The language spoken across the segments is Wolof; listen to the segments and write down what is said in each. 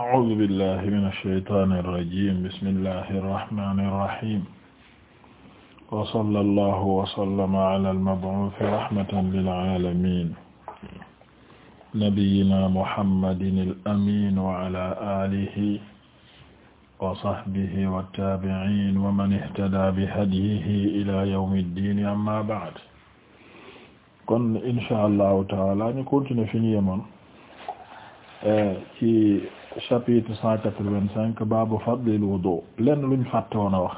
أعوذ بالله من الشيطان الرجيم بسم الله الرحمن الرحيم وصلى الله وسلم على المبعوث رحمة للعالمين نبينا محمد الأمين وعلى آله وصحبه والتابعين ومن اهتدى بهديه إلى يوم الدين أما بعد kon incha allahu taala ñu continuer fi ñu yemoon ci chapitre cent quatre-vingt-cinq baabu fadlil wudu lenn luñ fàtte woon a wax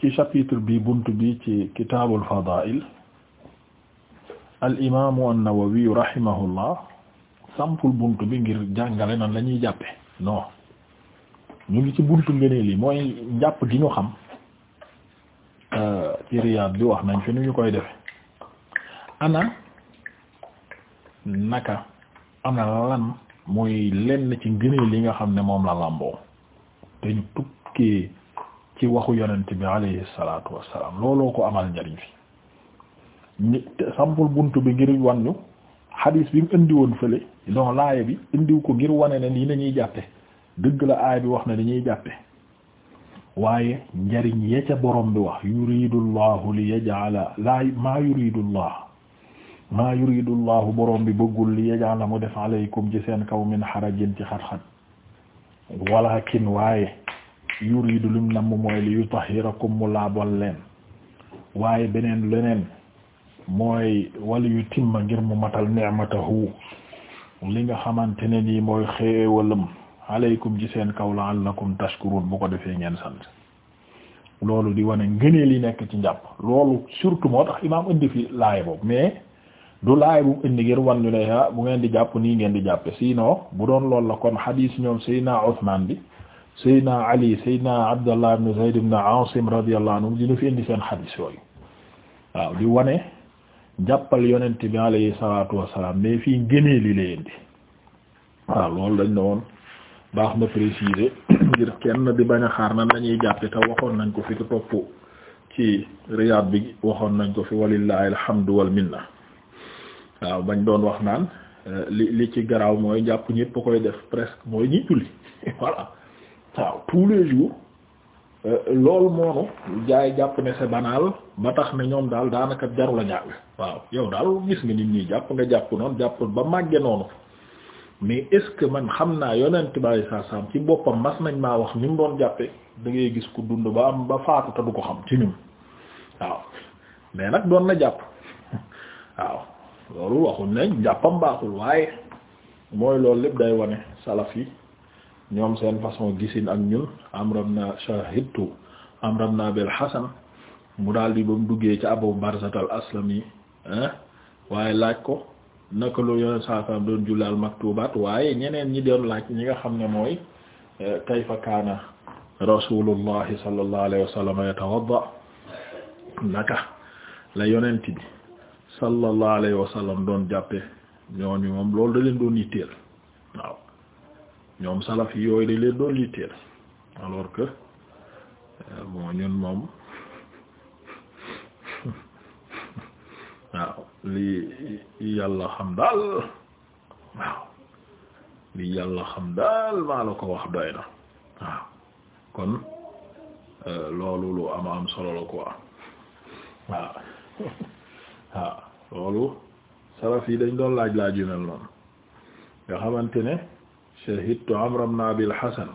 ci chapitre bi bunt bi ci kitaabul fadaa'il al imaamu an-Nawawi rahimahullah sampul bunt bi ngir jàngale na la ñuy jàppe non ñu ngi ci buntu ngëneel yi mooy njàpp gi ñu xam euh, ci Riyaad bi wax nañ fi nu ñu koy defe ana naka ana lan mooy lenn ci ngëneel li nga xam ne moom la làmboo te ñu tukkee ci waxu yonent bi alayhi salaatu wassalaam looloo ko amal njariñ fi sampul bunt bi ngir wannu xadiis bi mu indi woon fële don laaya bi indiw ko ngir wane ne lii lañuy jàppe dëgg la aaya bi wax na dañuy jàppe waaye njariñ ya ca borom bi wax yuridullahu li yaj'ala la maa yuridullah maa yuridu llahu borom bi bëggul li yaj'ala mu def alaykum ci seen kaw min xarajin ci xat-xat walakin waaye yuridu lim namm mooy li yutahhirakum mu laabal leen waaye beneen leneen mooy wala yu timma ngir mu matal ni'matahu li nga xamante ne nii mooy xéewalam alaykum ci seen kaw la'allakum tashkurun bu ko defee ngeen sant loolu di wane ngëneel yi nekk ci njàpp loolu surtout moo tax imaam indi fi laay boobu mais du laay bu indi ngir wan ñu ne bu ngeen di jàpp nii ngeen di jàppe sinon bu doon lool la kon hadis ñoom Seydina Ousmane bi Seydina Ali Seydina Abdallah ibn Zayd ibn Asim radiyallahu anhum dina fi indi seen hadis yooyu waaw di wane jàppal yonent bi alayhi salaatu wassalaam mais fii ngënee li la indi waaw loolu dañ ne woon baax na préciser ngir kenn di bañ xaar na lañuy jàppe te waxoon nañ ko fi topp ci Riyad bi waxoon nañ ko fi walillahi alhamdu waaw bañ doon wax naan euh, li li ci garaaw mooy jàpp ñépp koy def presque mooy ñi julli voilà waaw tous les jours euh, loolu moonu jaay jàpp ne se banaal ba tax ne ñoom daal daanaka jarul a jàng waaw yow daal gis nga nit ñi jàpp nga jàpp noonu jàpp ba màggee noonu mais est-ce que man xam naa yonent bàyyi saa saam ci boppam mas nañ maa wax ni mu doon jàppe da ngay gis ku dund ba am ba faatu te du ko xam ci ñun waaw mais nag doon na jàpp waaw loolu waxuñ ne jàppam baaxul waaye mooy loolu lépp day wone salaf yi ñoom seen façon gisin ak ñun amram na shahidtu amram na bil hasan mu daal di ba mu duggee ca abu barzat al aslami waaye laaj ko naka lu yoneen saasam doon julli al maktubaat waaye ñeneen ñi doon laaj ñi nga xam ne mooy eh, kayfa kaana rasulullahi sallallahu alayhi wa sallam yatawadda naka la yonent bi sallallahu alayhi wa sallam doon jàppe ñooñu moom loolu da leen doon yitteel waaw ñoom salaf yooyu da leen doon yitteel alors que euh, bon ñun moom waaw lii yàlla xam daal waaw lii yàlla xam daal maa la ko wax doy na waaw kon euh, loolu lu ama am solo la quoi waaw waaw loolu salaf yi dañ doon laaj laaj yu mel noonu nga xamante ne shahidtu Amr ibn Abil Hasan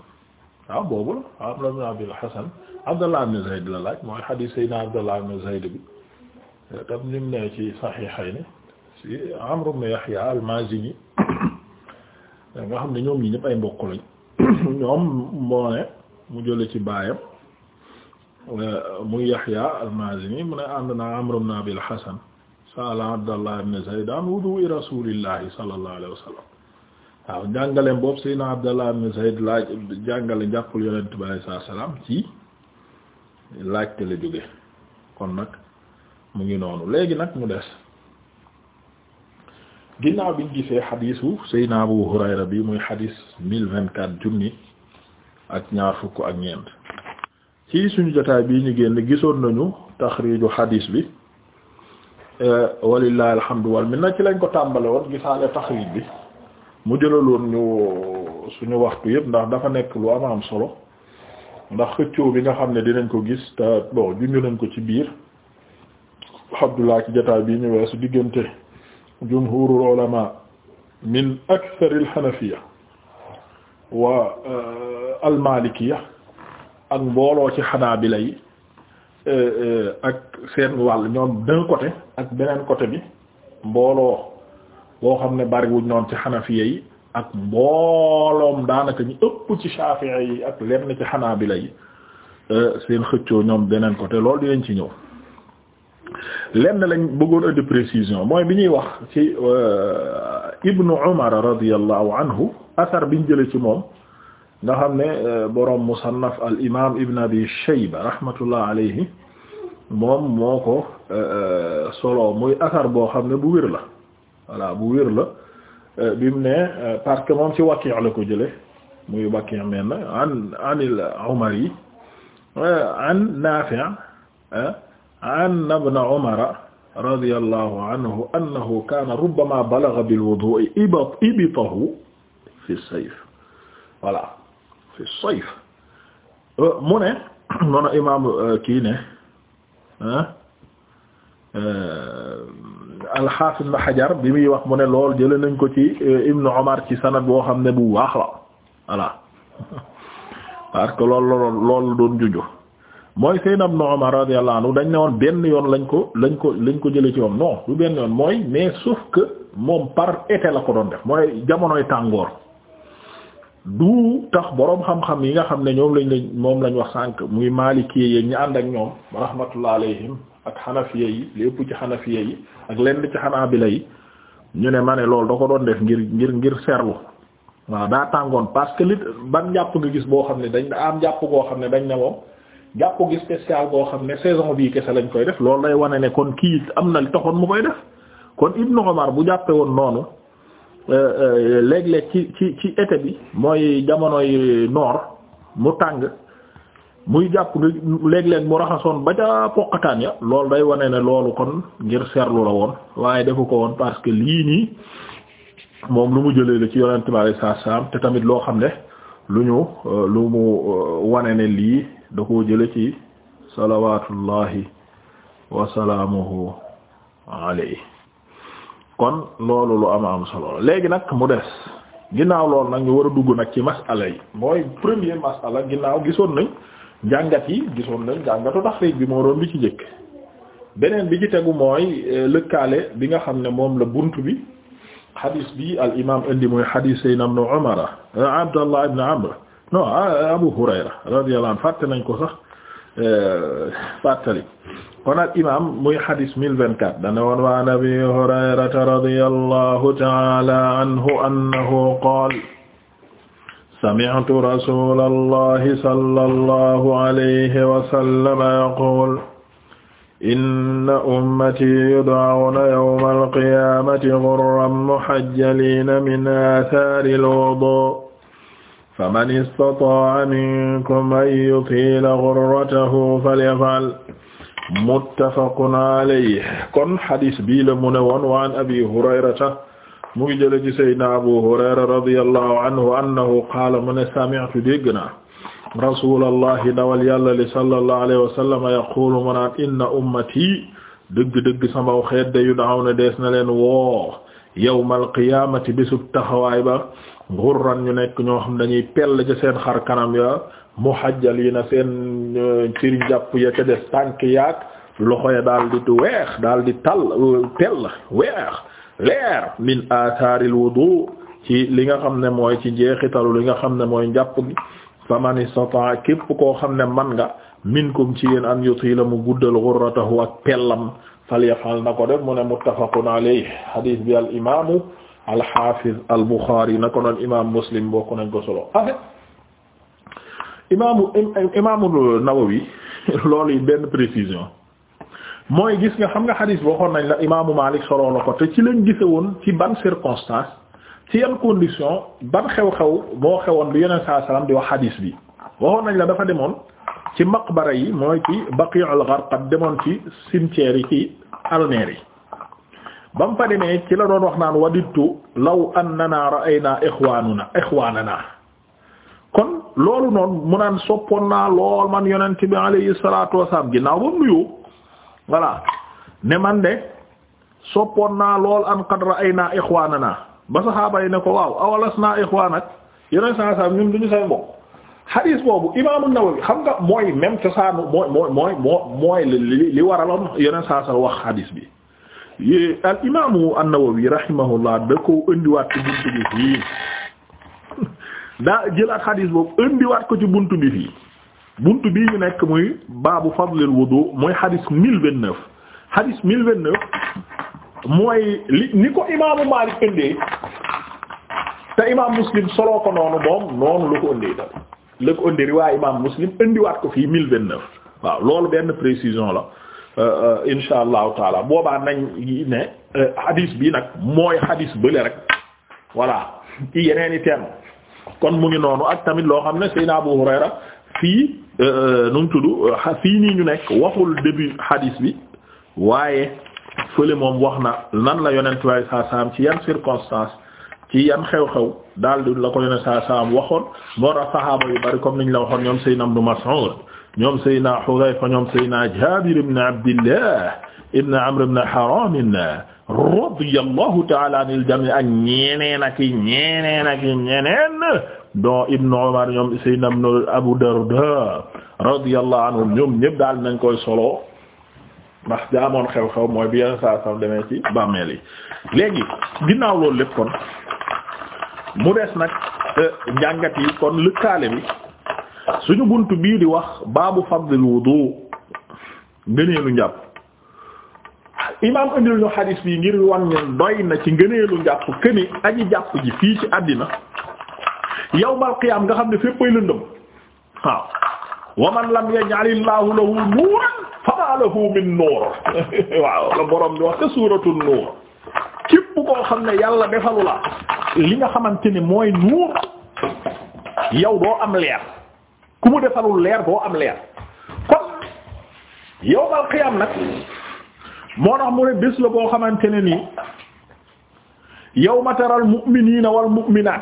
waaw boobu la Amr ibn Abil Hasan Abdallah ibn Zayd la laaj mooy hadith Seydina Abdallah ibn Zayd bi tam nim ne ci Sahihayni si Amr ibn Yahya al nga xam ne ñoom ñi ñëpp ay mbokk lañ ñoom moo ne mu jële ci baayam muy Yahya al mu ne ànd naa Amr ibn Abil Hasan saala abdallah ibn zayd an wudu rasulillahi sallallahu alayhi wa sallam waaw jàngale boobu sayna abdallah ibn zayd laaj jàngale njàppul yonent bi alayhi salaatu salaam ci laajte la jóge kon nag mu ngi noonu léegi nag mu des ginnaaw biñ gisee xadiisu sayna abu hurayra bi muy xadiis mille vingt-quatre junni ak ñaar fukk ak ñeent ci suñu jotaay bii ñu génn gisoon nañu taxriiju xadiis bi Euh, walillahi alhamdu wal minna ci lañ ko tàmbale woon gisaale taxriij bi mu jëlaloon ñu suñu waxtu yëpp ndax dafa nekk lu am am solo ndax xëccoo bi nga xam ne dinañ ko gis te bon junj nañ ko ci biir Abdullah ci jotaay bii ñu weesu diggante jumhurul ulama min akthar euh, al wa al ak mbooloo ci xanaabila yi Euh, euh, ak seen wàll ñoom d'un côté ak beneen côté bi mbooloo boo xam ne bariwuñ noonu ci xanafiya yi ak mbooloom daanaka ñu ëpp ci shafi'i yi ak lenn ci xanaa xanaabila yi euh, seen xëccoo ñoom beneen côté loolu dinañ ci ñëw lenn lañ bëggoon indi précision mooy bi ñuy wax ci ibnu Umar radiyallahu anhu asar biñ jële ci moom nga xam ne euh, borom musannaf al imaam ibn abi shayba rahmatullah alayhi moom moo ko euh, euh, solo muy asar boo xam ne bu wér la voilà bu wér la bi mu ne parce que moom ci Waki' la ko jële muy Waki' men an anil Umari an Naafi' an ibn Umar radiyallahu anhu annahu kaana rubbama balagha bil wudu'i ibtahu fi sayf voilà fi euh, mu ne noonu imaam euh, kii ne euh, alxaafis na xajar bi muy wax mu ne lool jële nañ ko ci ibnu omar ci sanad boo xam ne bu waax la voilà parce que lool lool doon juju mooy sayyidna ibnu omar radiyallahu anhu dañ ne woon benn yoon lañ ko lañ ko lañ ko jële ci moom non lu benn yoon mooy mais suuf que moom par été la ko doon def mooy jamonoy tàngoor du tax boroom xam-xam yi nga xam ne ñoom lañ lañ moom lañ wax sànq muy maalikee yeeg ñu ànd ak ñoom rahmatullah alayhim ak xanafiya yi li ëpp ci xanafiya yi ak lenn ci xanaabila yi ñu ne ma ne loolu da ko doon def ngir ngir ngir seerlu waaw daa tàngoon parce que li ban jàpp nga gis boo xam ne dañ am jàpp goo xam ne dañ ne moom jàpp gi spécial goo xam ne saison bii kese lañ koy def loolu day wane ne kon kii am na li taxoon mu koy def kon Ibnu Umar bu jàppe woon noonu Euh, euh, léeg-léeg ci ci ci bi mooy jamonoy noor mu tàng muy jàpp léeg mu raxasoon ba ca poqataan ya loolu day wane ne loolu kon ngir seerlu la woon waaye defu ko woon parce que lii nii moom lu mu jëlee la ci yonent bi alayhi salaam te tamit loo xam ne lu ñu euh, lu mu wane ne lii da ko jële ci salawatullahi wa salaamuhu alayhi kon loolu lu am am solo léegi nag mu des ginnaaw lool nag ñu war a dugg nag ci masala yi mooy premier masala ginnaaw gisoon nañ njàngat yi gisoon nañ njàngatu taxriij bi moo doon bi ci njëkk beneen bi ci tegu mooy euh, lëkkaale bi nga xam ne moom la bunt bi xadis bi al imam indi mooy xadis sayna ibn Umar euh, Abdallah ibn Amr non Abu Hurayra radiyallahu anhu fàtte nañ ko sax euh, fàttali kon al imam muy hadis 1024 dane woon wa an abi hurayrata radiyallahu ta'ala anhu annahu qaala sami'tu rasulallahi sallallahu alayhi wa sallam yaqul inna ummati yud'awna yawma alqiyamati ghurran muhajjalina min athari alwudu faman istata'a minkum an yutila ghurratahu falyaf'al muttafaqun alayhi kon hadis bii la mu ne woon wa an abi hurayrata mu ngi jële ci sayyidina abu hurayra radiyallahu anhu annahu qaala mu ne sami'tu dégg naa rasulallahi dawal yàlla li sallallahu alayhi wa sallam yaqulu mu naan inna ummati dëgg-dëgg samaw xeet de yu daaw ne dees na leen woo yawmal qiyaamati bésub taxawaay ba ghurran ñu nekk ñoo xam dañuy pell ca seen xar kanam ya muhajjaliina seen euh, ciri jàpp ya ca des tànk yaag loxo ya daal di weex daal di tal euh, tell weex leer min athaaril wudu ci li nga xam ne mooy ci jeexitalu li nga xam ne mooy njàpp gi faman istata'a képp koo xam ne man nga minkum ci yéen an yutila mu gudd guddal ghurratahu ak pellam falyafal na ko def mu ne muttafaqun alayhi hadith bi al imaamu al hafiz al bukhari na ko noon imam muslim bokk nañ ko solo imaamu imaamu Nawawi loolu yi benn précision mooy gis nga xam nga xadiis boo xoon nañ la imaamu Maalik soloo la ko te ci lañ gise woon ci ban circonstance ci yan condition ban xew-xew moo xewoon bi yeneen saa di wax xadiis bi waxoon nañ la dafa demoon ci maqbara yi mooy ci Baqi'ul Gharqad demoon ci cimetière yi ci almeer yi ba mu fa demee ci la doon wax naan wadittu law annana ra'ayna ikhwanuna ikhwanana loolu noon mu naan soppoon naa lool man yonent bi alayhi salaatu wasalaam ginnaaw ba nuyoo voilà ne man de soppoon naa lool an qad ra'aynaa ixwaananaa ba saxaaba yi ne ko waaw awalasnaa ixwaanak yonent saa saa ñun duñu say mbokk xadiis boobu imaamu Nawawi xam nga mooy même cosaanu mooy mooy mooy mooy li li waraloon yonent saa saa wax xadiis bi. al imaamu an-Nawawi rahimahullah da ko indiwaat ci buntu bi daa jëlaat xadiis boobu indiwaat ko ci buntu bi fii buntu bii ñu nekk muy baabu fadlil wudu mooy xadiis mille vingt xadiis mille vingt neuf mooy li ni ko imaamu Maalik indee te imaam Muslim soloo ko noonu moom noonu la ko indee tam la ko indi riwaay imaam Muslim indiwaat ko fii mille vingt neuf waaw loolu benn précision la euh, euh, insha allahu taala boobaa nañ ne euh, xadiis bi nag mooy xadiis bële rek voilà ci yeneeni termes kon mu ngi noonu ak tamit loo xam ne Seydina Abu Hurayra fii euh, nu mu tudd fii nii ñu nekk waxul début hadis bi waaye fële moom wax na nan la yonent waaye saa ci yan circonstance ci yan xew-xew daal di la ko yonent saa waxoon moo tax saxaaba yu bari comme niñ la waxoon ñoom Seydina Ibn Mas'ud ñoom Seydina Hudayfa ñoom Seydina Jaabir ibn Abdillah ibn Amr ibn Haram radiyallahu ta'ala anil jami' ak ñeneen ak ñeneen ak ibn Umar ñoom sayyidna Abu Darda radiyallahu anhu ñoom ñëpp daal nañ koy solo ndax jaamoon xew-xew mooy bi yenn saa sam demee ci bàmmeel yi léegi ginnaaw loolu lépp kon mu des nag euh, njàngat yi kon lëkkaale bi suñu bunt bii di wax baabu fadlil wudu gëneelu njàpp imaam indil ñu xadis bi ngir wan ñun doy na ci ngëneelu njàpp këni aji jàpp ji fii ci àddina yawmal qiyaam nga xam ne féppay lëndëm waaw wa man lam yaj'alillaahu lahu nuuran famaa lahu min nuur waaw la borom bi wax te suuratu nuur képp koo xam ne yàlla defalu la li nga xamante ni mooy nuur yow doo am leer ku mu defalul leer doo am leer kon yawmal qiyaam nag moo tax mu ne bés la boo xamante ne nii yawma taral mu'miniina wal mu'minaat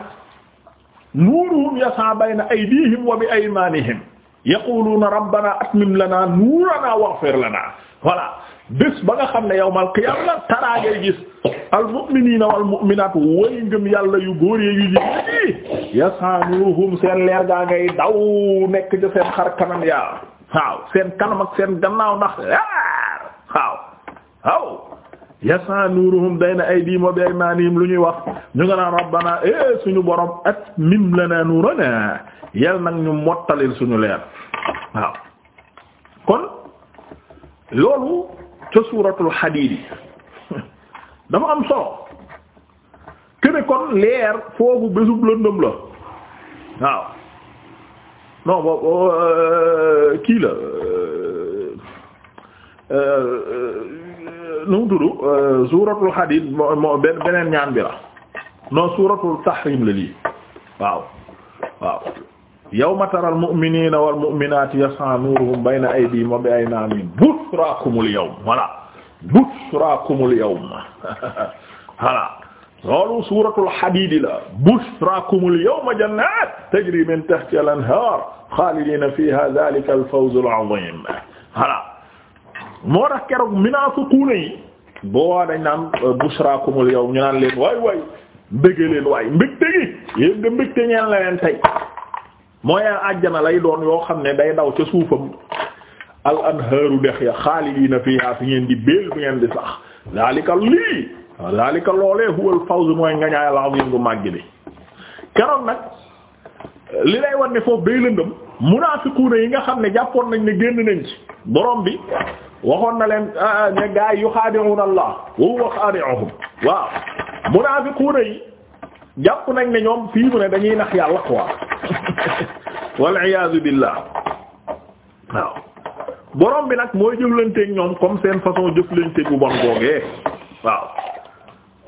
nuuruhum yas'a bayna aydiihim wa bi aymaanihim yaquluuna rabbana atmim lana nuurana waghfir lana voilà bés ba nga xam ne yawmal qiyaama la taraa ngay gis al mu'miniina wal way ngëm yàlla yu góor yu jigéen yas'a nuuruhum seen leer gaa ngay daw nekk ci seen xar kanam yaa waaw seen kanam seen gannaaw ndax leer waaw waaw na nuruhum bayna aydihim wa bi aymanihim lu ñuy wax ñu nga naan rabbana eh suñu borom at mim lana nurana yal nag ñu mottalil suñu leer waaw kon loolu ca suuratul hadiid dafa am solo kene kon leer foofu bésub lëndëm la waaw non boobu euh, kii la euh, euh, nu mu tudd euh, suuratul hadid moo moo beneen ñaan bi la non suuratul tahrim la lii waaw waaw yawma taral mu'minina wal mu'minati yas'a nuruhum bayna aydihim wa bi aymanihim bushrakumul yawm voilà bushrakumul yawm voilà loolu suuratul hadiid la bushrakumul yawma jannaat tajri min tahtiha al-anhaar xaalidina fiiha zaalika al-fawzul aziim voilà moo tax keroog munaafiquuna yi boobaa dañ naan euh, bushraakumul yow ñu naan leen waay waay mbëggee leen waay mbëgte gi yéen nga mbëgte ñeen la leen tey mooy àjjana lay doon yoo xam ne day daw ca suufam al anhaaru dex ya xaalidiina fiihaa fi ngeen di béel fi ngeen di sax daalika lii daalika loolee huwal fawz mooy nga ñaay al azim bu màgg bi keroog nag li lay wan ne foofu day lëndëm munaafiquuna yi nga xam ne jàppoon nañ ne génn nañ ci borom bi waxoon na leen ah, ah, ne gaa yi yuxaadi'uuna Allah wa huwa xaadi'uhum waaw munaafiquuna yi jàpp nañ ne ñoom fii mu ne dañuy nax yàlla quoi wal iyaazu billaah waaw borom bi nag mooy jëflanteeg ñoom comme seen façon jëflanteeg bu bon googee waaw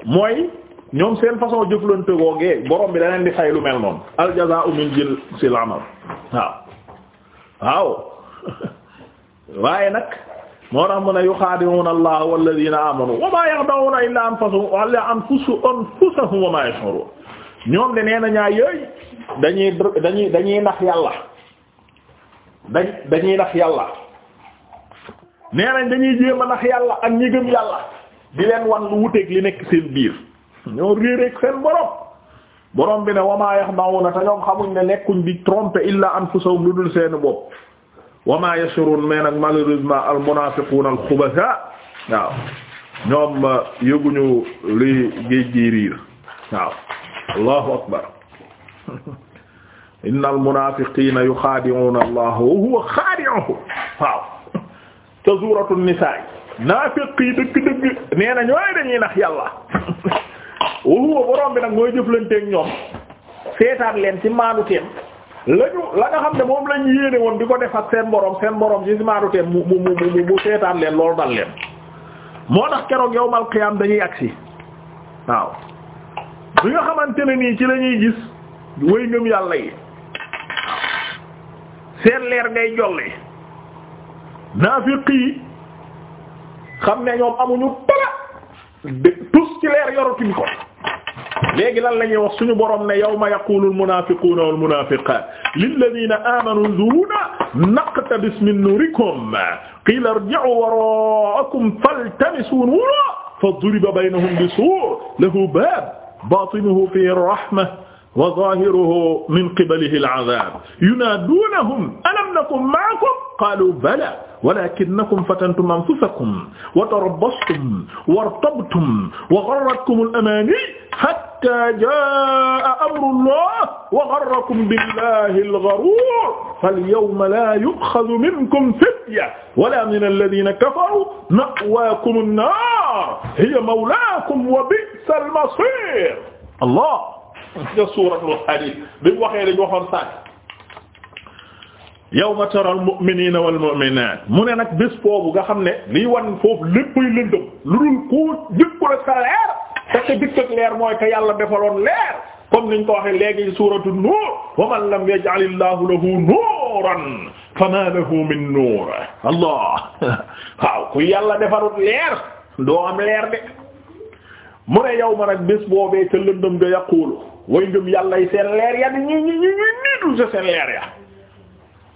mooy ñoom seen façon jëflante googee borom bi da di fay lu mel noonu. al jazaa'u min jinsil amal waaw waaw waaye nag. moo tax mu a yuxaadi'uuna allaha walladiina aamanu wa maa yaxda'uuna illaa anfusahum wala anfusahum ñoom de nee na ñaa dañuy dañuy dañuy nax yàlla dañuy nax yàlla nee nañ dañuy jéem a nax yàlla ak ñi yàlla di leen wan lu wuteeg li nekk seen biir ñoo réeréeg seen borom borom bi ne wa maa yaxda'uuna te ñoom xamuñ ne nekkuñ di tromper illaa anfusahum lu dul seen bopp. wa ma yashurun mais nag malheureusement al munafiqun al li géej gi riir waaw allahu akbar inna al allah wa huwa xaadi'uhum waaw suuratu nisaa naafiq yi dëgg-dëgg nee na ñooy dañuy nax yàlla wa huwa borom bi nag mooy jëflanteeg ñoom seetaan leen ci maanu teem lañu la nga xam ne moom lañu yéene woon di ko def ak seen borom seen borom ci simaanu teen mu mu mu mu seetaan leen loolu dal leen moo tax keroog yowmal qiyaam dañuy agsi waaw bi nga xamante ne nii ci lañuy gis wëy ngëm yàlla yi seen leer ngay jolli naafiq yi xam ne ñoom amuñu dara tus ci leer yorutuñ ko léegi lan la ñuy wax suñu borom ne yawma yaqulu almunafiquna walmunafiqat lilladina amanu nzuruna naqtabis min nurikum qila irji'u wara'akum faltamisu nura faduriba baynahum bisur lahu bab batinuhu fihi rahma wa zahiruhu min qibalihi al'azab yunadunahum alam nakun ma'akum qalu bala walaakinnakum fatantum anfusakum wa tarabbastum wartabtum wa gharratkumul amaani hattaa jaa'a amrullahi wa gharrakum billahil gharuur falyawma laa yu'khadhu minkum fidya walaa minal laziina kafaruu ma'waakumun naar hiya mawlaakum wa bi'sal masiir. Allah. suuratul Hadiid bi mu waxee dañu waxoon sànq. yawma taral mu'minina wa mu'minat mu ne nag bés boobu nga xam ne liy wan foofu léppay lëndëm lu dul ku dikku rek leer te te dikk ak leer mooy que yàlla defaloon leer comme niñ ko waxee léegi suuratu nuur wa man lam yaj'alillahu lahu nuuran ma lahu min nuur allah ku yàlla defarut leer doo am leer de mu ne yow ma nag bés boobee ca lëndëm nga yàquwul way ngëm yàlla yi seen leer ya ñi ñi ñi ñi niitu sa seen leer ya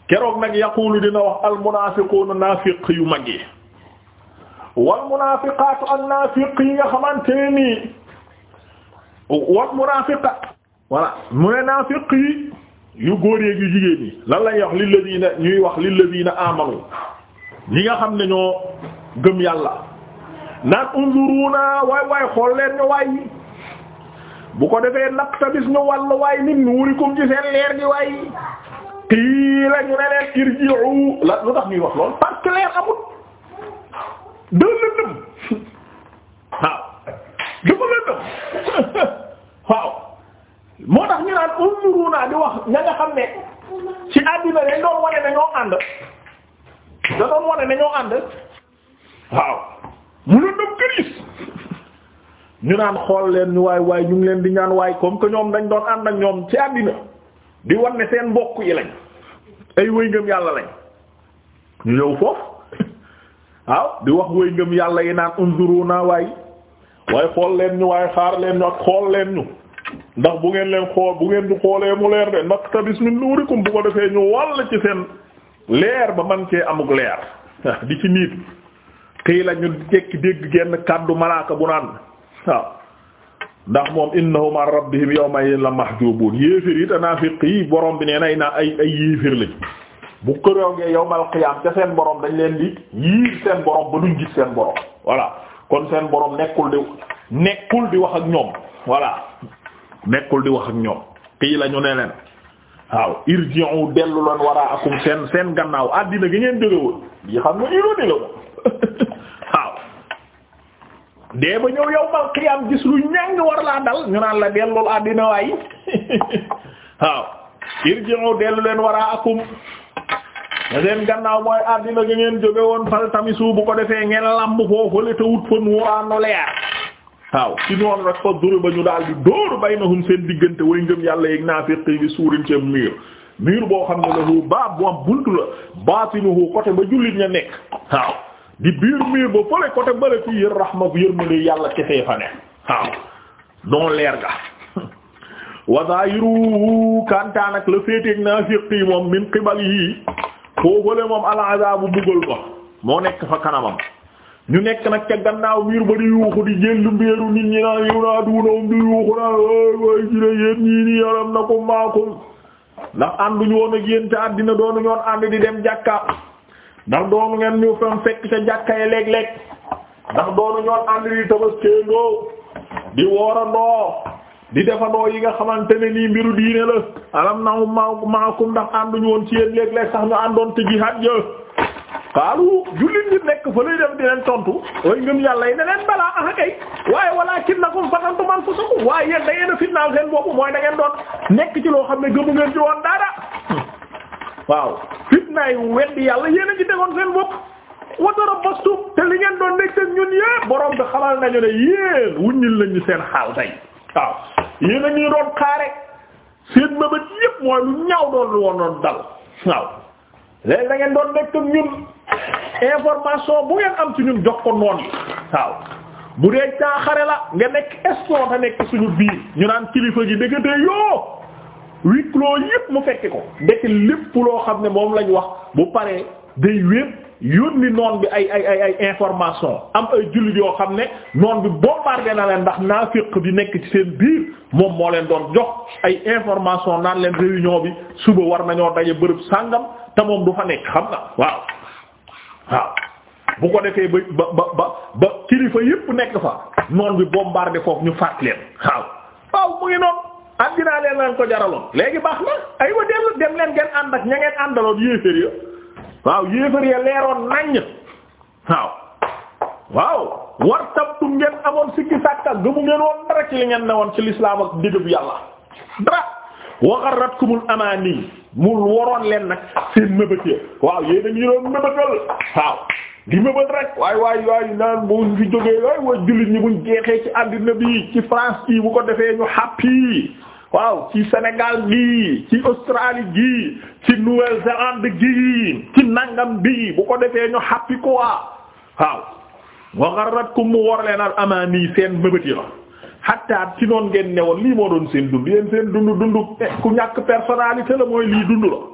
keroog nag yaqulu dina wax al munaafiquuna yu mag yi wal munaafiqaatu ak naafiq yi nga xamante ne nii wal munaafiqaat voilà mu ne naafiq yi yu góor yeeg yu jigéen yi lan lañuy wax lilladiina ñuy wax lilladiina amanu ñi nga xam ne ñoo gëm yàlla naan unzuruna waay waay xool leen ñu waay bu ko defee naqtabis ñu wàll waay min nuurikum ci seen leer gi waay. qiila ñu ne leen irji'u la lu tax ñuy wax lool parce que leer amul da waaw dafa lëndëm waaw moo tax ñu naan unzuruna di wax ña nga xam ne ci àddina dañ doon wane ne ànd da doon wane ne ñoo ànd waaw mu lëndëm këriis ñu naan xool leen ñu waay waaye ñu ngi leen di ñaan waay comme que ñoom dañ doon ànd ak ñoom ci àddina di wan ne seen mbokk yi lañ ay wëy ngëm yàlla lañ ñu ñëw foofu waaw di wax wëy ngëm yàlla yi naan unzuruna waay waaye xool leen ñu waaye xaar leen ñu ak xool leen ñu ndax bu ngeen leen xool bu ngeen ñu xoolee mu leer de naqtabis min nuurikum bu ko defee ñu wàll ci seen leer ba man cee amuk leer di ci niit xëy la ñu dégg genn kàddu malaaka bu naan waaw ndax moom innahum an rabbihim yawma la mahjubun yéefir yi te yi borom bi nee na ay naa ay ay yéefir lañ bu këroogee yawmal qiyaam ca seen boroom dañ leen di yiir seen borom ba duñ gis seen borom voilà kon seen borom nekkul di nekkul di wax ak ñoom voilà nekkul di wax ak ñoom kii la ne leen waaw irji'u dellu loon waraakum seen seen gannaaw àddina gi ngeen jóge woon yi xam nga ironi la moom waaw dee ba ñëw yow mal xiyaam gis lu ñàng war laa dal ñu naan la dellul àddina waay waaw irji'u dellu leen waraakum te seen gannaaw mooy àddina ga ngeen jóge woon fal tamisu bu ko defee ngeen lamb foofu le te wut fa nuuraanu leer waaw ci noonu rek fa duru ba ñu daal di dóor baynahum seen diggante way ngëm yàlla yeeg naafiq yi suurin ci miir miir boo xam ne lahu baab bu am buntu la baatinuhu côté ba jullit ña nekk waaw di biir miir ba fële côté bële fii yër rahma bu yërmande yàlla kese fa ne waaw don leer ga wazayiru kantaan ak la féeteeg naafiq yi moom min xibal yii foofale moom alazabu buggal ko moo nekk fa kanamam ñu nekk nag ca gannaaw miir ba di yuuxu di jël mbiru nit ñi naan yow naa duunawum di yuuxu naan waay waay ci ne yéen ñii ni yaram na ko maakum ndax ànduñu woon ak yéen te àddina doonuñoon ànd di dem jàkka ndax doonu ngeen ñu fam fekk ca jàkkaay léeg-léeg ndax doonu ñoon ànd di tabaskeendoo di woorandoo di defandoo yi nga xamante ne nii mbiru diine la alam na ma maakum ndax ànduñu woon ci yéen léeg-léeg sax ñu àndoon ci jihaad ja xaalu jullit ñi nekk fa lay dem di leen tontu way ngëm yàlla yi ne leen balaa ah kay waaye walaakinnakum fatantum anfusakum waaye yéen da ngeen a fitnaal seen bopp mooy da ngeen doon nekk ci loo xam ne gëmu ngeen ci woon dara waaw fitnaay weddi yàlla yéen a ngi tegoon wot bopp wa tarabbastum te li ngeen doon nekk ñun yépp borom bi xamal nañu ne yéen wuññil lañu seen xaal tey waaw yéen a ngi doon xaare seen mëbët yépp mooy lu ñaaw doon lu woon doon dal waaw léegi da ngeen doon nekk ñun information bu ngeen am ci ñun jox ko noon yi waaw bu dee caaxare la nga nekk escroc te nekk suñu biir ñu naan kilifa gi dëggatee yoo huis clos yépp mu fekki ko ndekk lépp loo xam ne moom lañ wax bu paree day wépp yónni noon bi ay ay ay ay information am ay jullit yoo xam ne noon bi bombardé na leen ndax naa naafiq bi nekk ci seen biir moom moo leen doon jox ay information naan leen réunion bi suba war nañoo daje bërëb sàngam te moom du fa nekk xam na waaw waaw bu ko defee ba ba ba ba kilifa yépp nekk fa noon bi bombardé foofu ñu faat leen waaw waaw mu ngi noonu addinaa leen leen ko jaraloon léegi baax na aywa dellu dem leen ngeen ànd ak ña ngeen àndaloon yéefér ya waaw yéefér ya leeroon naññ waaw waaw war tabtu ngeen amoon sikki sàkka gëmu ngeen woon dara ci li ngeen ne woon ci lislaam ak digub yàlla dara waxaratkumul amaani mu waroon leen nag seen mëbëtee waaw yéen a ngi doon mëbëtal waaw di mëbët rek waay waay waay naan buñ fi jógee waay waay jullit ñi buñ jeexee ci àddina bi ci France bi bu ko defee ñu happy waaw ci Sénégal gi ci Australie gi ci Nouvelle-Zélande gi ci nangam bi bu ko defee ñu xàppi quoi waaw wa gharratkum mu war leen al amaani seen mëbët yi la hatta ci noon ngeen newoon lii moo doon seen dund yéen seen dund dund eh, ku ñàkk personnalité la mooy lii dund la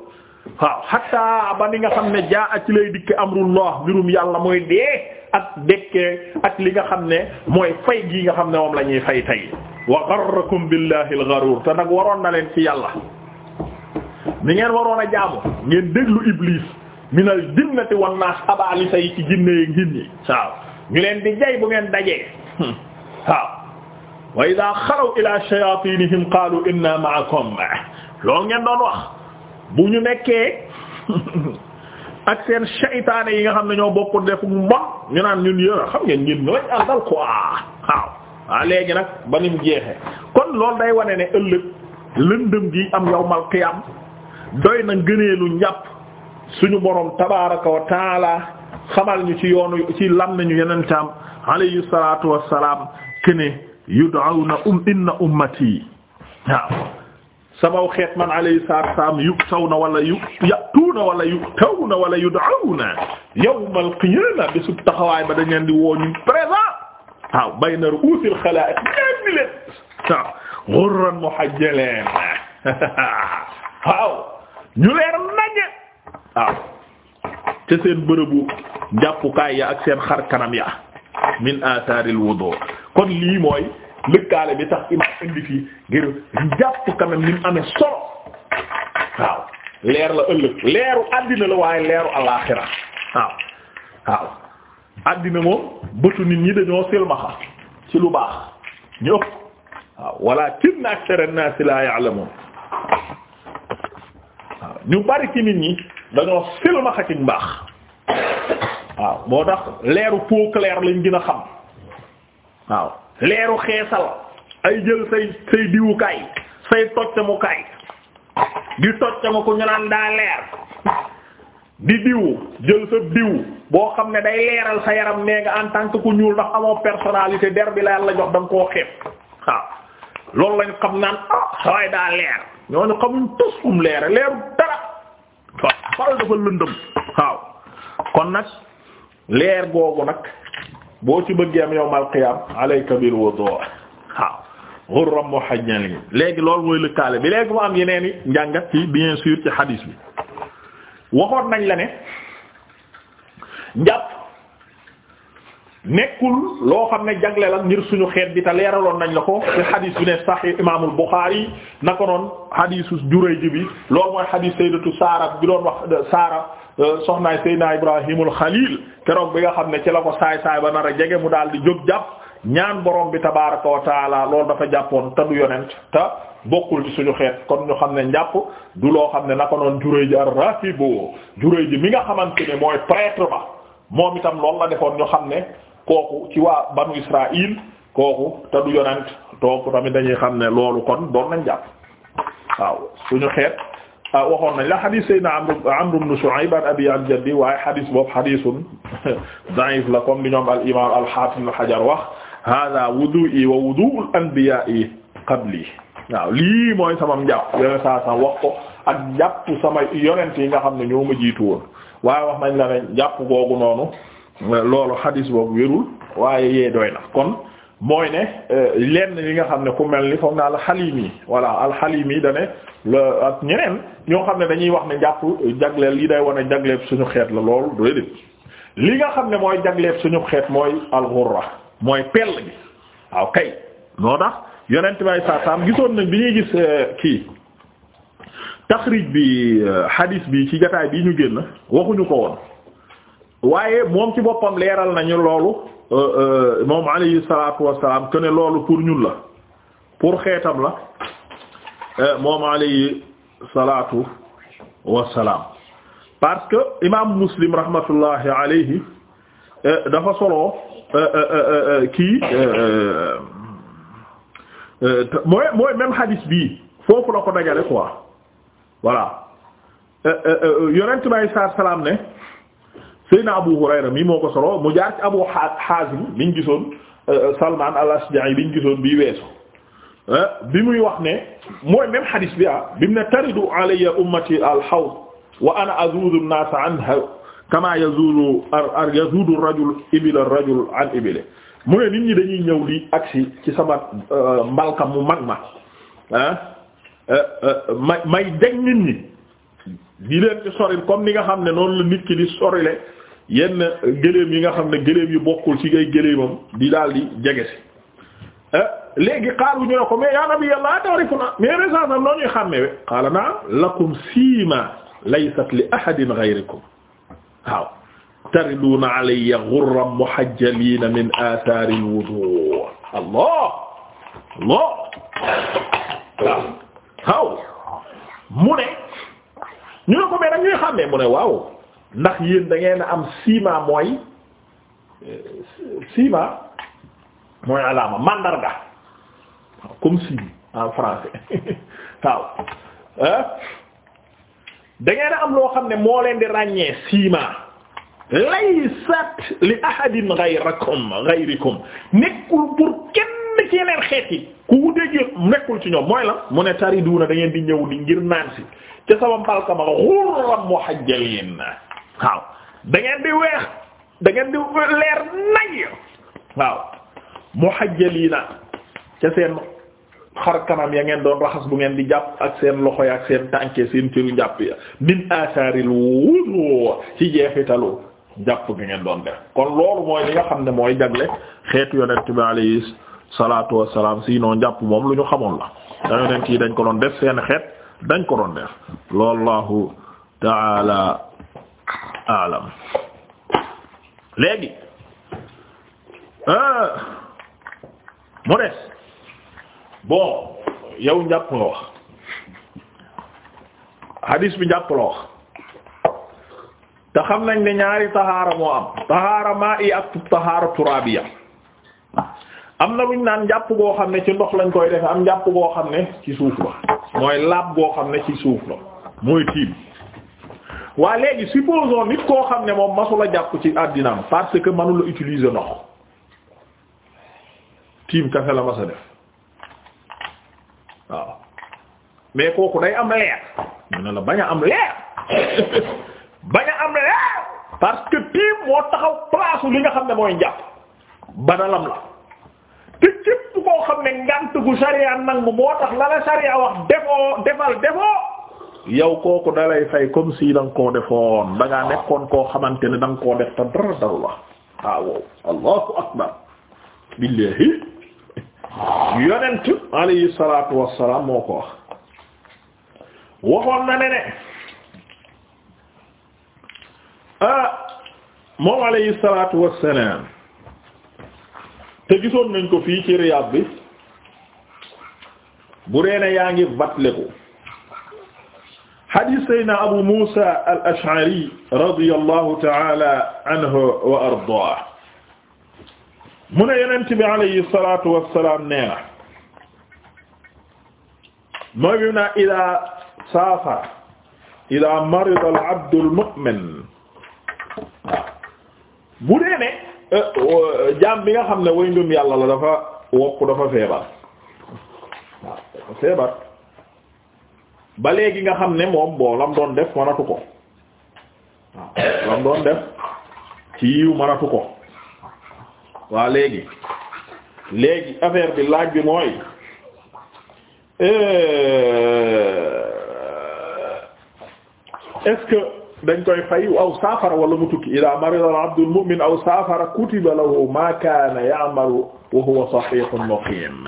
waaw hatta ba nga xam ne jaa a ci lay dikke amrullah mbirum yàlla mooy dee ak dekkee ak li nga xam ne mooy fay gii nga xam ne moom lañuy fay tey wa garrakum billahi al-gharur nag waroon na leen ci yàlla mi ngeen waroon a jaamu ngeen déglu iblis minal jinnati wan naas abaali say ci jinne ngin ñi waaw ñu leen di jay bu ngeen dajee hmm. waaw wa idha ila shayatinihim qalu inna ma'akum loolu ngeen doon wax bu ñu nekkee ak seen saytaane yi nga xam ne ñoo bokk def mu mbon ñu naan ñun yéen xam ngeen ñun ñooy àndal quoi waaw. ah léegi nag ba nim mu jeexee kon loolu day wane ne ëllëg lëndëm gi am yawmal qiyaam doy na ngëneelu njàpp suñu boroom tabaaraka wa taala xamal ñu ci yoonu ci lam nañu yonentam alayhi salaatu wa salaam kene yud'awna um inna ummati waaw. samaw xeet man alayhi salaatu salaam yu taw na wala yu yatuuna wala yu taw na wala yu daaw na yawmal qiyaama taxawaay ba dañ leen di woo ñu présent waaw bayna ru'uusil xalaa'iq ñaari leen waaw ghurran leer naññe waaw ca seen bërëbu jàppukaay ya ak seen xar kanam ya min aasaaril wuduu kon lii lëkkaale bi tax imam indi fii ngir jàpp quand ni mu amee solo waaw leer la ëllëg leeru àddina la waaye leeru alaaxira waaw waaw àddina moom bëtu nit ñi dañoo silmaxa ci lu baax ñu ëpp waaw walaakinna aktara an-naasi laa ya'lamuun waaw ñu bari ci nit ñi dañoo silmaxa ci mbaax waaw moo tax leeru peau claire lañ gën a xam waaw leeru xeesal ay jël say say diwukaay say toccamukaay di toccamu ko ñu naan daa leer di diwu jël sa diwu boo xam ne day leeral sa yaram nee en tànk que ku ñuul ndax amoo personnalité der bi la yàlla jox da nga koo xeeb waaw loolu lañ xam naan ah sawaay daa leer ñooñu xamuñ tus um leere leeru dara waaw dafa lëndëm waaw kon nag leer googu nag boo ci bëggee am yawmal qiyaam alayka bil wudu waaw ghurran muhajjalin léegi lool mooy lëkkaale bi léegi mu am yeneen i njàngat ci bien sûr ci hadis bi waxoon nañ la ne njàpp nekkul loo xam ne jagle la ngir suñu xeet bi te leeraloon nañ la ko te hadis bi ne sahih imaamul Bukhari na ko noon hadisu Jurayj bi loolu mooy hadis sayyidatu Saara bi doon wax Saara Euh, soxnaay Seydina Ibrahimul Xaliil keroog bi nga xam ne ci la ko saay saay ba nar a jege mu daal di jóg jàpp ñaan borom bi tabaaraka wa taala dafa jàppoon te du yonent te bokkul ci suñu xeet kon ñu xam ne njàpp du loo xam ne naka noon juree ji ar-raakibu juree ji mi nga xamante ne mooy prêtre ba moom itam loolu la defoon ñu xam ne kooku ci waa banu Israaïl kooku te du yonent donc tamit dañuy xam ne loolu kon doon nañ jàpp waaw suñu xeet. Ah, waxoon nañ la xadis saydna Amr ibn Shu'ayb an abi an jaddi waaye xadis boobu xadisun da'if la kom li ñoom al imam al hafiz al Hajar wax hada wudu'i wa wudu'u al anbiya'i qabli waaw lii mooy samam njàpp yoneen saa sam wax ko ak njàpp sama yonent yi nga xam ne ñoo ma jiitu woon waaye wax nañ la ne njàpp googu noonu loolu xadis boobu wérul waaye yee doy na kon mooy ne euh, lenn li nga xam ne ku mel ni foog naa alxalimi voilà alxalimi yi ne la ak ñeneen ñoo xam ne dañuy wax ne jàpp jagleel li day wane jagleel suñu xeet la lool doy li nga xam ne mooy jagleel suñu xeet mooy alxurra mooy pell gi waaw kay noo tax yonent bay saasaam gisoon nañ bi ñuy gis euh, kii taxrij bi hadis euh, bi ci jotaay bi ñu génn waxuñu ko woon waaye moom ci boppam leeral nañu loolu Euh, euh, moom alayhi salaatu wassalaam que ne loolu pour ñun la pour xeetam la euh, moom alayhi salaatu wassalaam parce que imaam muslim rahmatullahi alayhi dafa solo kii mooy mooy même hadith bii foofu la ko dajale quoi voilà yonent bi alayhi salaatu wassalaam ne. Seyna Abu Hurayra mi moo ko solo mu jaar ci Abu Hazim biñ gisoon euh, Salman al-Ashja'i biñ gisoon bii weesu euh, bi muy wax ne mooy même hadis bi ah bi mu ne taridu alayya ummati al-hawd wa ana azuudu an-naas anha kama yazuudu ar yazuudu rajul ibila ar-rajul an ibile mu ne nit ñi dañuy ñëw ak si ci sama euh, mbalka mu mag ma ah may may deg nit ñi di leen ci soril comme ni nga xam ne noonu la nit ki di sorile yenn gëléem yi nga xam ne gëléem yu bokkul ci ay gëléemam di daal di jege si eh, léegi xaaru ñu ne ko mais yaa nabiyallah ta'rifuna mais yeneen saa sax noonu ñuy xàmmeewe qaala na'am lakum siima laysat li ahadin ghayrikum waaw tariduuna allah allah mu ne ñu ne ko mais nag ñuy xàmmee mu ne waaw ndax yéen da ngeen am sima mooy sima mooy alaama mandarga waaw comme signe en français waaw da ngeen am loo xam ne moo leen di ràññee sima laysat li ahadin ghayrakum ghayrikum nekkul pour kenn ci yeneen xeet yi ku wutee gi nekkul ci ñoom mooy la mu ne tari du na dangeen di ñëw di ngir naan si ca sama mbalka ma xurram muhajjalin waaw da ngeen di weex da ngeen di leer nañ waaw muhajjaliina ca seen xar kanam ya ngeen doon raxas bu ngeen di jàpp ak seen loxo ya ak seen tànke seen cëru njàpp ya min asaaril wudu ci jeexitalu jàpp gi ngeen doon def kon loolu mooy li nga xam ne mooy jagle xeet yonent bi alayhi salaatu wassalaam sinon njàpp moom lu ñu xamoon la da yonent yi dañ ko doon def seen xeet dañ ko doon def loollahu taala alam léegi euh, mu des bon yow njàpp nga wax bi njàpp la te xam nañ ne ñaari taxaara moo am taxaara maa i ak taxaara turaabiya am na luñ naan njàpp goo xam ne ci ndox lañ koy def am njàpp goo xam ne ci suuf la mooy laab goo xam ne ci suuf la mooy tiim waa léegi supposons nit koo xam ne moom masula jàpp ci àddinaam parce que mënula utiliser ndox tiim kafe la masa def waaw mais kooku day am leer ñu ne la bañ a am leer bañ a am leer parce que tiim moo taxaw place li nga xam ne mooy njàpp banalam la te képp koo xam ne ngant gu sariya nangu moo tax la la sariya wax defoo defal defoo yow kooku dalay fay comme si da koo defoon ah. da nekkoon koo xamante ne da koo def te dara dalu la ah, waaw allahu akbar billahi yonent alayhi salatu wassalam moo ko wax waxoon na ne ne ah moom alayhi salatu wassalam te gisoon nañ ko fii ci Riyad bi bu reene yaa ngir vatleku xadiis Seydina Abu Muusa al-Ash'ari radiyallahu ta'ala anhu wa ardaahu mu ne Yonent bi alayhi salaatu wa salaam nee na mooy bi naa idaa saafara idaa marida al-abdu al-mu'min bu dee ne jaam bi nga xam ne way ngëm yàlla la dafa wokk dafa feebar waaw dafa feebar ba léegi nga xam ne moom boo lam doon def mënatu ko waaw lam doon def ci yiw ko waa léegi léegi affaire bi laaj bi mooy euh, est-ce que dañ koy fay aw saafara wala mu tukki ila marida abdul mu'min aw saafara kutiba lahu ma kaana ya'malu wa huwa sahihun muqim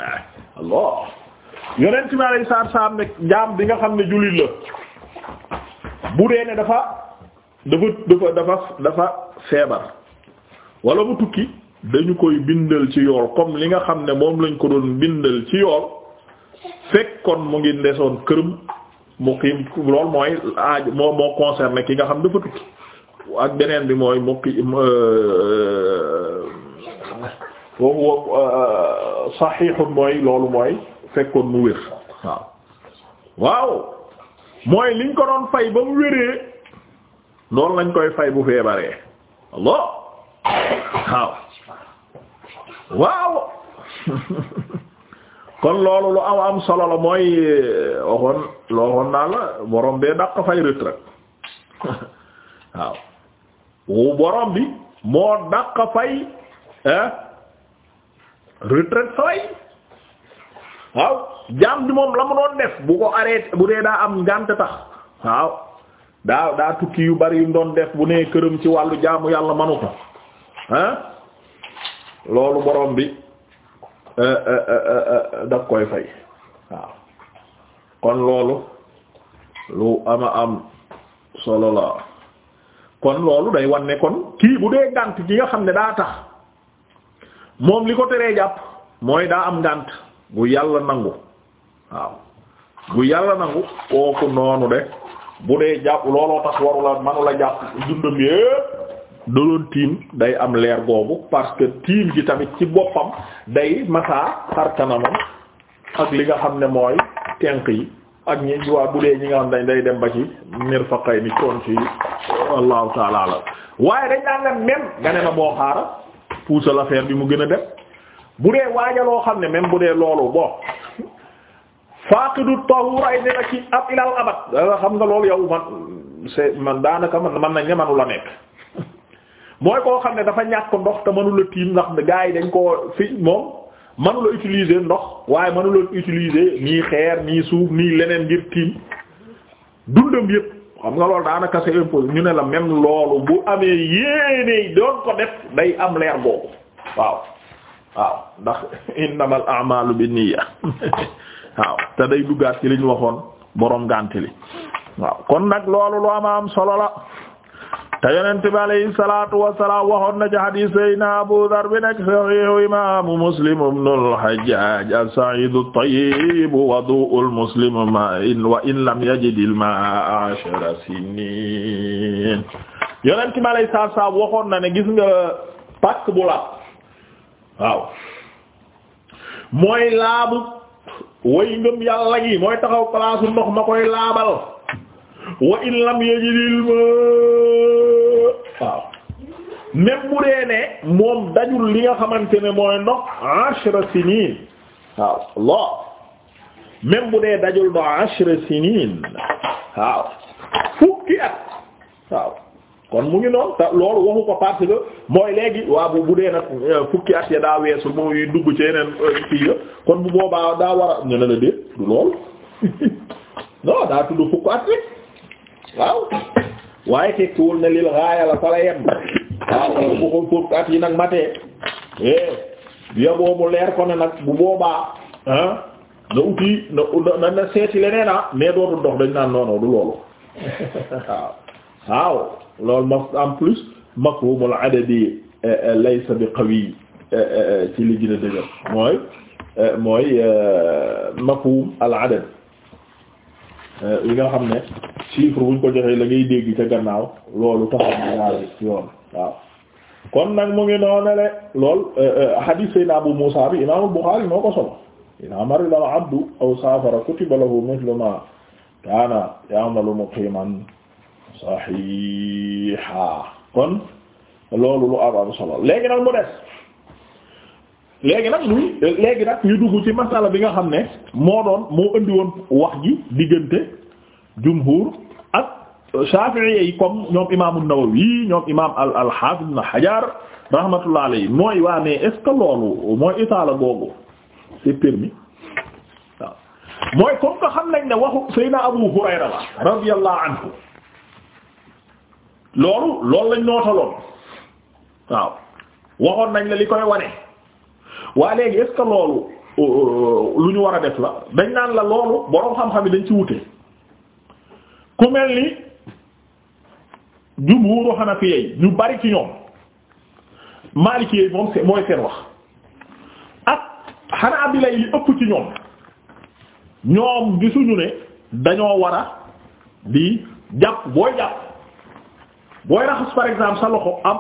allah yonent bi alayhi salaatu salaam jaam bi nga xam ne jullit la bu dee ne dafa dafa dafa dafa dafa feebar wala bu tukki dañu koy bindal ci yool comme li nga xam ne moom lañ ko doon bindal ci yool fekk kon mu ngi ndesoon këram muqiim lool mooy aaj moo moo concerné ki nga xam dafa tukki ak beneen bi mooy muqiim foofu euh, euh, saxiixu mooy loolu mooy fekkoon mu wér waaw waaw mooy liñ ko doon fay ba mu wéree noonu lañ koy fay bu feebaree allo waaw waaw kon loolu lu am am solo la mooy waxoon loo waxoon naa la borom bee daq fay retraite waaw wu borom bi moo daq fay retraite saway waaw jaam bi moom la mu doon def bu ko arrêté bu dee daa am ngànt tax waaw daa daa tukki yu bari yu mu doon def bu nee këram ci wàllu jaamu yàlla manu ko ah loolu borom bi euh, euh, euh, daf koy fay waaw kon loolu lu ama am solo la kon loolu day wan ne kon kii bu dee ngànt gi nga xam ne daa tax moom li ko teree jàpp mooy daa am ngànt bu yàlla nangu waaw bu yàlla nangu kooku noonu de bu dee jàpp looloo tax warula manula jàpp dundam yépp doloon tiim day am leer googu parce que tiim ji tamit ci boppam day masaa xarkanamam ak li nga xam ne mooy tenq yi ak ñi waa bu dee ñi nga xam dañ day dem ba ci mirfaqay ni coon ci allahu taala waaye dañ daan la même nga ne na boo xaara puusal affaire bi mu gën a def bu dee waajaloo xam ne même bu dee loolu bon faqidu tahur ay ne na ci ab ilal abat xam nga loolu yow man c'est man daanaka man man nañ ne manu la nekk mooy koo xam ne dafa ñàkk ndox te mënula tiim ndax gaa yi dañ koo fi moom mënula utiliser ndox waaye mënula utiliser nii xeer nii suuf nii leneen ngir tiim dundam yépp xam nga loolu daanaka c'est impossible ñu ne la même loolu bu amee yéene doon ko def day am leer boobu waaw waaw ndax innamal a'malu binniya waaw te day duggaat ci liñ waxoon boroom gànt li waaw kon nag loolu lu ama am solo la te yonent bi alayhi salaatu wassalaam waxoon na ci hadiis sayna Abu Dharr bi nekk sahihu imaamu Muslim ibn al-Hajjaj as-Sa'id at-Tayyib wadu'ul muslim ma'in wa in lam yajid al-ma'a 'ashara sinin yonent bi alayhi salaatu wassalaam waxoon na ne gis nga pàkk bu la waaw mooy laabu way ngëm yàlla gi mooy taxaw place ndox ma koy laabal wa in lam yajidil ma waaw même bu dee ne moom dajul li nga xamante ne mooy ndox ashra sinin waaw Allah même bu dee dajul ndox ashra sinin waaw fukki at waaw kon mu ngi noonu te loolu waxu ko parce mooy léegi waa bu bu dee nag euh, fukki at ya daa weesu moo dugg ci yeneen euh, kii ya kon bu boobaa daa war a ñu ne la déet du loolu non daa tudd fukki at la at yi nag matee eh ya boobu leer kon ne nag bu boobaa ah na uti na na seeti leneen ah mais dootul dox dañ naan non du loolu waaw loolu ma en plus mafhumul adadi eh, eh, laysa bi qawi eh, ci li gën a dëgër mooy mooy mafhum al adad yi nga xam ne chiffre buñ ko joxee la ngay dégg ca gannaaw loolu taxaw ñaar yoon waaw kon nag mu ngi noonale lool hadith sayna Abu Musa bi imaamul Bukhari moo ko solo ina marida abdu aw safara kutiba lahu mithlu ma kana ya'malu muqiman saxiixa kon léegi nag mu des dugg ci masala bi nga xam ne moo doon moo indi woon wax gi diggante jumhur ak shafi'i yi comme ñoom imaamu Nawawi ñoom imaam al al hafiz ibn Hajar rahmatullah alayhi mooy waa mais est loolu mooy itaala googu c'est permis mooy comme que xam ne waxu Abu Hurayra la radiyallahu anhu loolu loolu lañ nootaloon waaw waxoon nañ la li koy wane waa léegi est-ce loolu euh, euh, lu ñu war a def la dañ naan la loolu boroom xam-xam yi dañ ci wute ku mel ni jumhuuru Hanafiya yi ñu bari ci ñoom Maliki yi moom mooy seen wax ak Hanaabila yi ëpp ci ñoom ñoom gisuñu ne dañoo war a di jàpp booy jàpp. booy raxas par exemple sa loxo am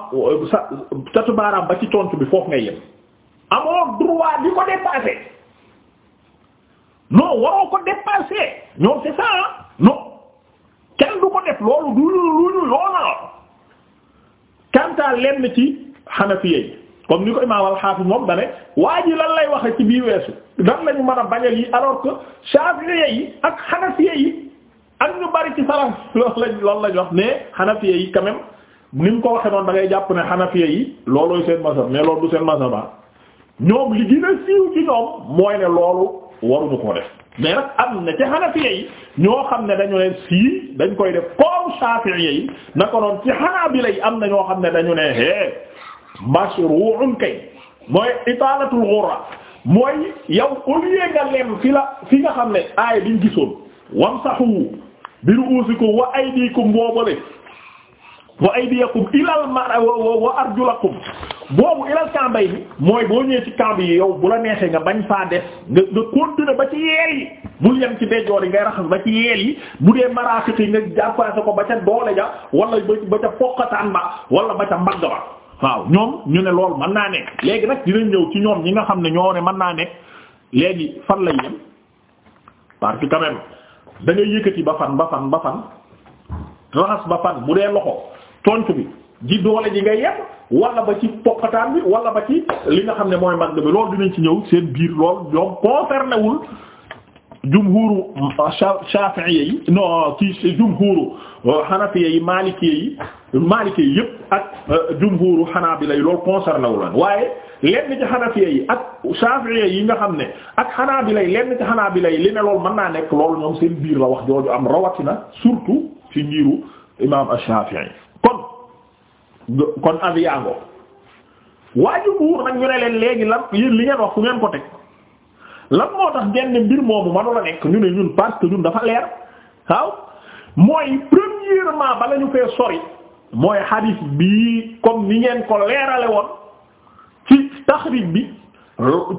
sa catu baaraam ba ci tontu bi foofu ngay yem amoo droit di ko dépasser non waroo ko dépasser ñoom c'est ça non kenn du ko def loolu du lu ñu yoonal kantaa lenn ci xanafiyey comme ni ko imaam al-Hafiz moom da ne waa ji lan lay waxe ci bii weesu dan lañu mën a bañal yi alors que shafi'iyyi ak yi ak ñu bari ci salaf loolu lañ loolu lañ wax ne xanafiya yi quand même ko waxe noonu da ngay jàpp ne xanafiya yi loolooy seen mazhab mais loolu du seen mazhab ah. ñoom li gën a siiw ci ñoom mooy ne loolu waruñu ko def mais nag am na ci xanafiya yi ñoo xam ne dañu ne sii dañ koy def comme shafi'iyya yi naka noonu ci xanaabila yi am na ñoo xam ne dañu ne hee mashru'un kay mooy italatul ghurra mooy yow au lieu nga lem fi la fi nga xam ne aay biñ gisoon wamsahu bi ru'uusikum wa aydiikum boobale wa aydiyakum ilal mara wa arjulakum boobu ilal kàmba yi mooy boo ñëwee ci kàmb yi yow bu la neexee nga bañ faa des nga nga continuer ba ci yeel yi bul yem ci yi ngay raxas ba ci yeel yi bu dee maraafik yi nga jàppase ko ba ca doole ja wala ba ca poqataan ba wala ba ca mbagg ba waaw ñoom ñu ne loolu mën naa nekk léegi nag dinañ ñëw ci ñoom ñi nga xam ne ñoo ne mën naa nekk léegi fan lay yem parce que dangay ngay yëkkati ba fan ba fan ba fan raxas ba fan bu dee loxo tontu bi di doole ji nga yem wala ba ci pokataan bi wala ba ci li nga xam ne mooy mag bi loolu dinañ ci ñëw seen biir lool ñoom concerné wul jumhuru shafi'iyya yi non ci jumhuru euh, hanafiyya yi maalikiyya yi maalikiyya yi yëpp ak euh, jumhuru hanabila yi loolu concerné wu leen waaye lenn ci hanafiyya yi ak shafi'iyya yi nga xam ne ak hanabila yi lenn ci hanabila yi li ne loolu mën naa nekk loolu ñoom seen biir la wax jooju am rawatina surtout ci ngiru imam ash-shafi'i kon kon aviango waa jumhur nag ñu ne leen léegi lan yéen li ngeen wax fu ngeen ko teg lan moo tax genn mbir moomu manu la nekk ñu ne ñun parce ñun dafa leer waaw mooy premièrement bala ñu fee sori mooy hadith bi comme ni ngeen ko leerale woon ci taxrib bi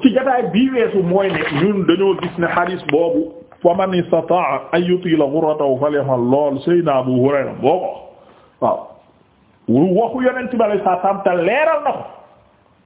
ci jotaay bii weesu mooy ne ñun dañoo gis ne hadith boobu fa man istata'a an yutila ghurratahu falyafal lool sayyidina Abu Hurayra boo ko waaw waxu yonent bi sallallahu alayhi wasallam te leeral na ko